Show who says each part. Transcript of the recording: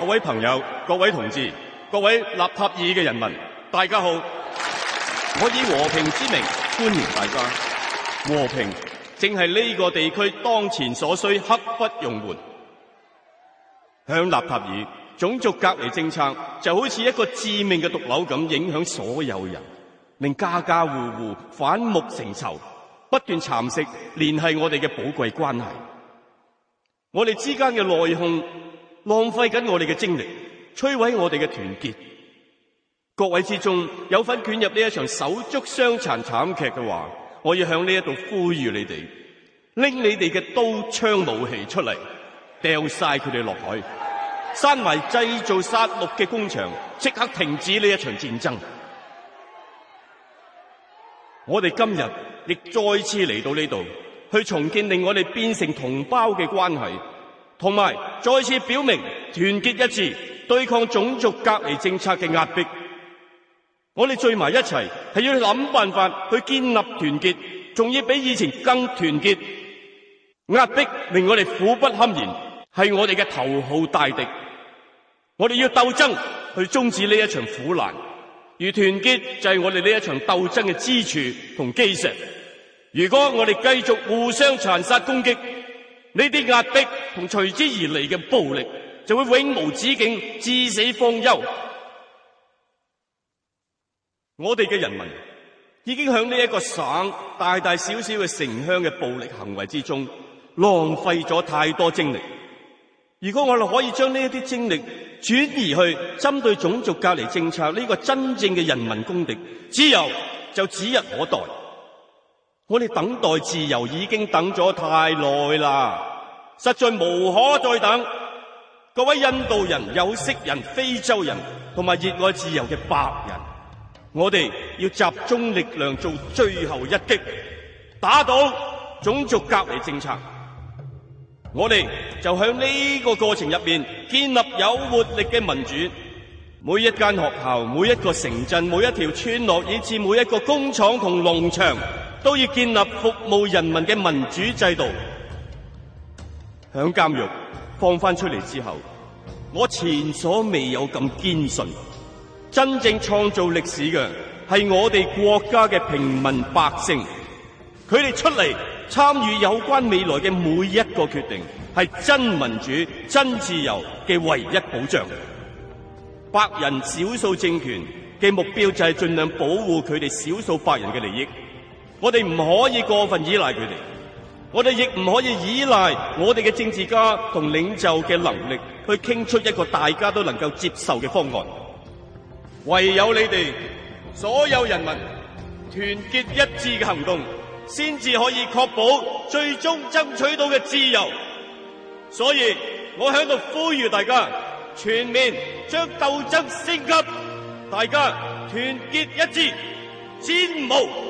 Speaker 1: 各位朋友、各位同志、各位納塔爾嘅人民，大家好！我以和平之名歡迎大家。和平正係呢個地區當前所需，刻不容緩。響納塔爾，種族隔離政策就好似一個致命嘅毒瘤咁，影響所有人，令家家戶戶反目成仇，不斷蠶食聯繫我哋嘅寶貴關係。我哋之間嘅內訌。浪費緊我哋嘅精力，摧毀我哋嘅團結。各位之中有份捲入呢一場手足傷殘慘劇嘅話，我要向呢一度呼籲你哋：拎你哋嘅刀槍武器出嚟，掟晒佢哋落海，閂埋製造殺戮嘅工場，即刻停止呢一場戰爭。我哋今日亦再次嚟到呢度，去重建令我哋變成同胞嘅關係。同埋再次表明團結一致，對抗種族隔離政策嘅壓迫，我哋聚埋一齊係要諗辦法去建立團結，仲要比以前更團結。壓迫令我哋苦不堪言，係我哋嘅頭號大敵。我哋要鬥爭去終止呢一場苦難，而團結就係我哋呢一場鬥爭嘅支柱同基石。如果我哋繼續互相殘殺攻擊，呢啲壓迫同隨之而嚟嘅暴力就會永無止境，至死方休。我哋嘅人民已經喺呢一個省大大小小嘅城鄉嘅暴力行為之中，浪費咗太多精力。如果我哋可以將呢一啲精力轉移去針對種族隔離政策呢個真正嘅人民公敵，自由就指日可待。我哋等待自由已經等咗太耐啦，實在無可再等。各位印度人、有色人、非洲人同埋熱愛自由嘅白人，我哋要集中力量做最後一擊，打倒種族隔離政策。我哋就喺呢個過程入面建立有活力嘅民主，每一間學校、每一個城鎮、每一條村落，以至每一個工廠同農場。都要建立服務人民嘅民主制度。響監獄放翻出嚟之後，我前所未有咁堅信，真正創造歷史嘅係我哋國家嘅平民百姓，佢哋出嚟參與有關未來嘅每一個決定，係真民主、真自由嘅唯一保障。白人少數政權嘅目標就係盡量保護佢哋少數白人嘅利益。我哋唔可以過分依賴佢哋，我哋亦唔可以依賴我哋嘅政治家同領袖嘅能力去傾出一個大家都能夠接受嘅方案。唯有你哋所有人民團結一致嘅行動，先至可以確保最終爭取到嘅自由。所以，我喺度呼籲大家全面將鬥爭升級，大家團結一致，戰無。